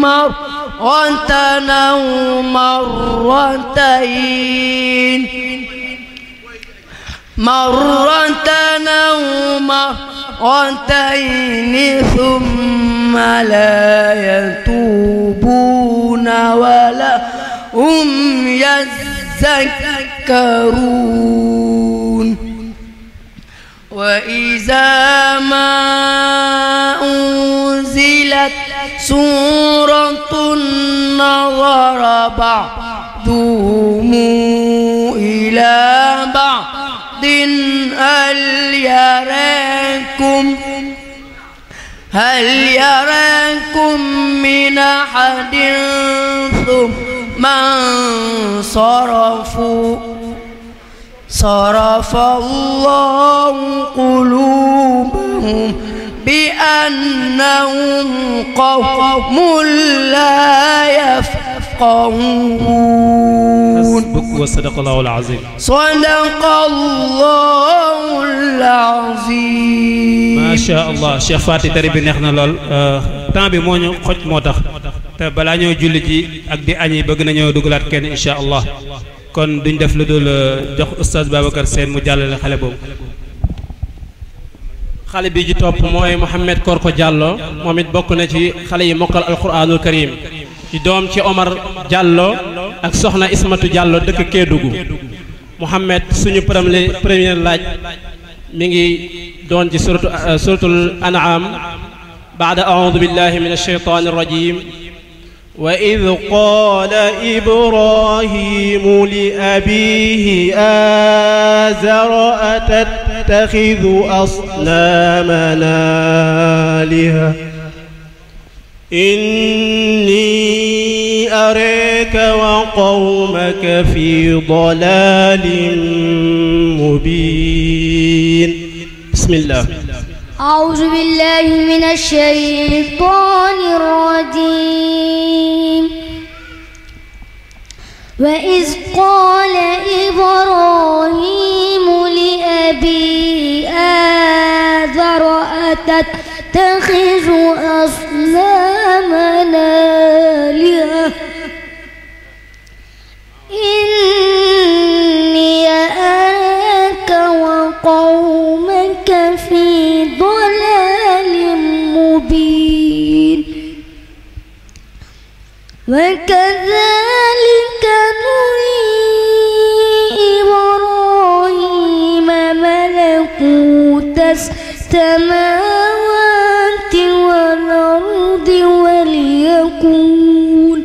مرة مرة أو مرتين مرة أو مرتين ثم لا يتوبون ولا هم يذكرون وإذا ما أنزلت سورة نظر بعضهم إلى بعض أرض هل يراكم هل يراكم من أحد ثم انصرفوا صرف الله قلوبهم بأنهم قوم لا يفقهون يفقهون حسبك
وصدق الله العظيم صدق bi neex na lool euh, temps bi moo ñu xoj moo tax te balaa ñoo jullit yi ak di añi bëgg nañu dugalaat kenn incha allah kon duñ def lu dul euh, jox oustaz Babacar Sène mu jàllale xale boobu xale bi ji topp mooy Mouhamed Korko Diallo moom it bokk na ci xale yi mokkal alquranul karim di doom ci Omar Diallo ak soxna Ismatu Diallo dëkk Kédougou Mouhamed suñu premier première laaj mi ngi doon ci suratu euh, suratul an'am ba'da a'udhu billahi minash shaytanir rajim وإذ قال إبراهيم لأبيه آزر أتتخذ أصنامنا آلهة إني أريك وقومك في ضلال مبين بسم الله
أعوذ بالله من الشيطان الرجيم وإذ قال إبراهيم لأبي آذر أتت نتخذ أصنامنا آلهة إني أراك وقومك في ضلال مبين وكذلك نري إبراهيم ملكوت السماوات يشركون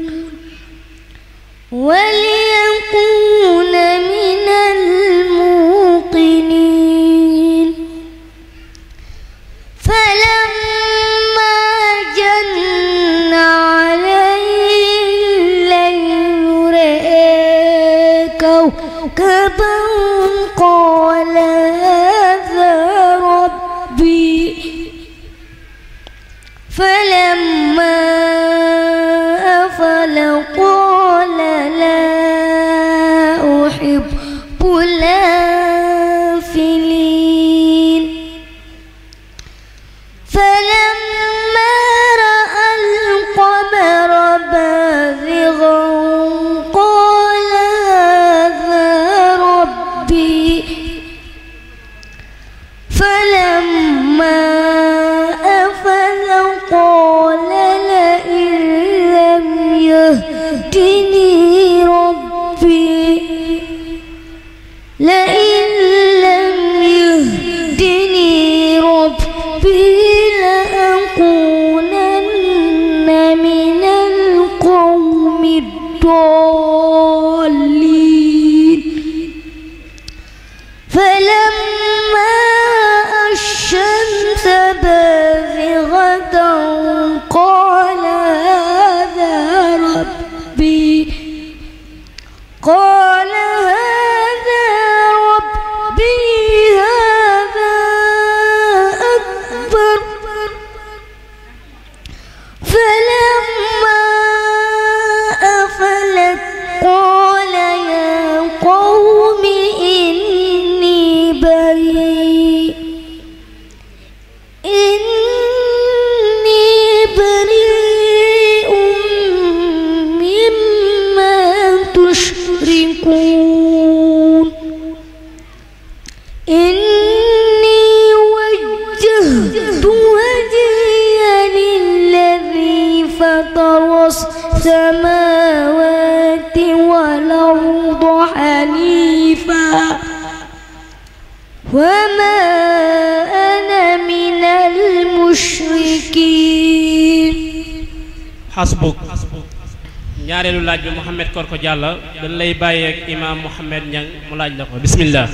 ko jàlla dañ lay bàyyeek imaam Mouhamed Niang mu laaj la ko bismillah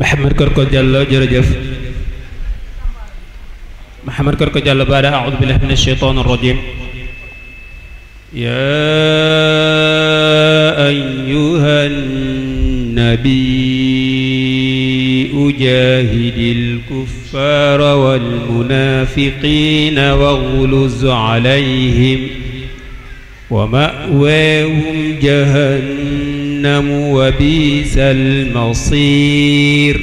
Mouhamed Korko Diallo jërëjëf Mouhamed Korko Diallo baada aoudu billahi min asheytan arrajim yaa ayyuhan nabiyyu jaahidil kuffaara wal munaafiqiina wagluz alayhim wa ma'waahum jahannamu wa bi'sal masiir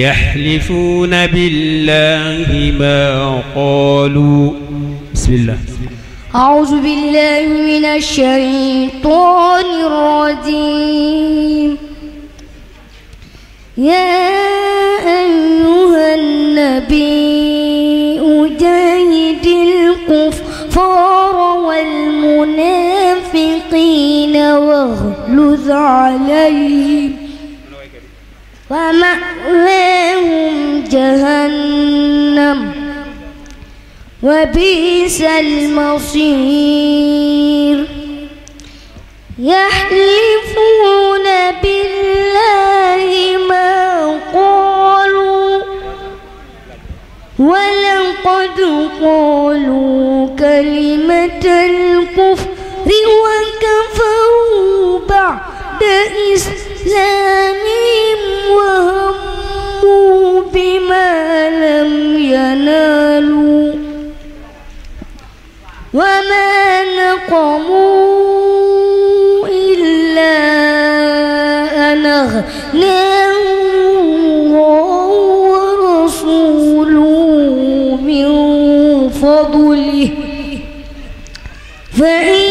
yaxlifuuna billaahi maa qaalu
bismillaah أعوذ بالله من الشيطان الرجيم يا أيها النبي واغلظ عليهم ومأواهم جهنم وبئس المصير يحلفون بالله ما قالوا ولقد قالوا كلمة الكفر وكفر بعد إسلامهم وهموا بما لم ينالوا وما نقموا إلا أن أغناهم الله ورسوله من فضله فإن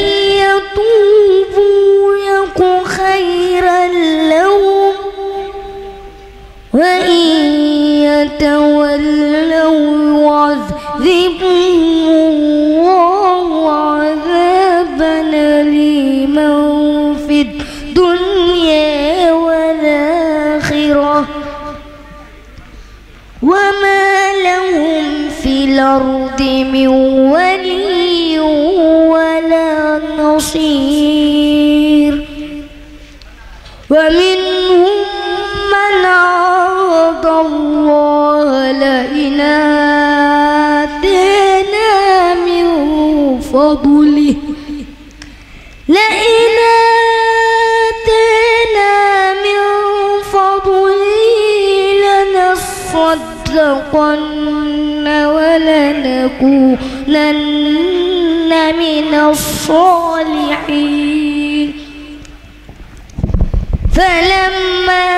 تولوا يعذبهم الله عذابا أليما في الدنيا والآخرة وما لهم في الأرض من ولي ولا نصير ومن أحرقن ولنكونن من الصالحين فلما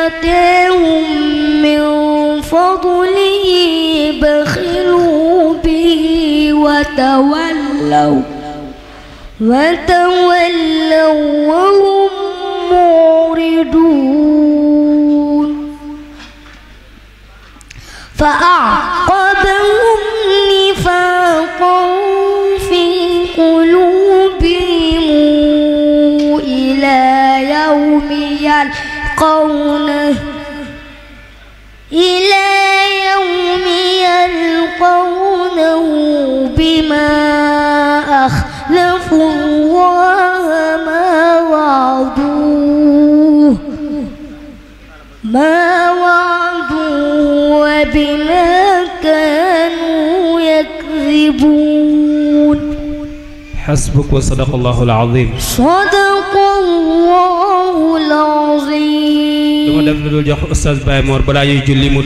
آتاهم من فضله بخلوا به وتولوا وتولوا وهم معرضون فأعقبهم نفاقا في قلوبهم إلى يوم يلقونه إلى يوم يلقونه بما أخلفوا الله ما وعدوه ما بما كانوا يكذبون
حسبك وصدق الله
العظيم
صدق الله العظيم dama
def lu dul jox Oustaz Baye Mor balaa yuy julli mu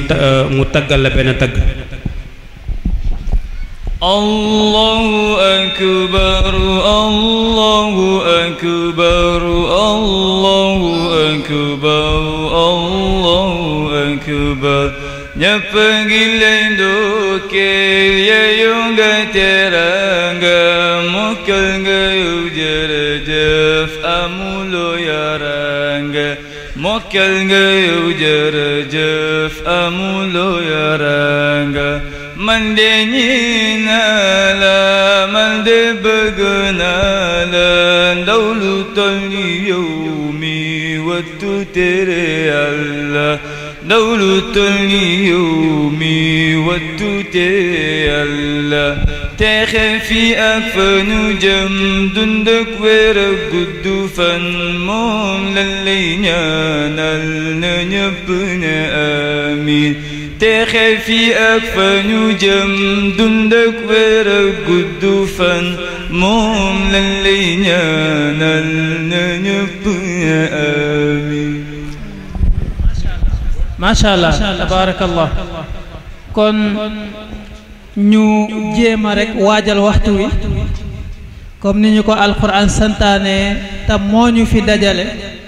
mu taggal la benn tagg
الله أكبر الله أكبر الله أكبر الله أكبر ñëppangilay ndokkeel yeyu nga teranga mokkal nga yow jërëjëf amuloo yaranga mokkal nga yow jërëjëf amuloo yaranga man de ñi naa la man de bëgg naa la ndaw lu tol ni yow mi wattu tere Yàlla dawlu tolli yow mi wattu te yàlla texe fi ak fa nu jëm dund ak wér ak gudd moom lan lay na ñëpp na ñëpp ne macha allah tabaarakallah
kon ñu jéem a rek waajal waxtu wi comme ni ñu ko alquran santaane tam moo ñu fi dajale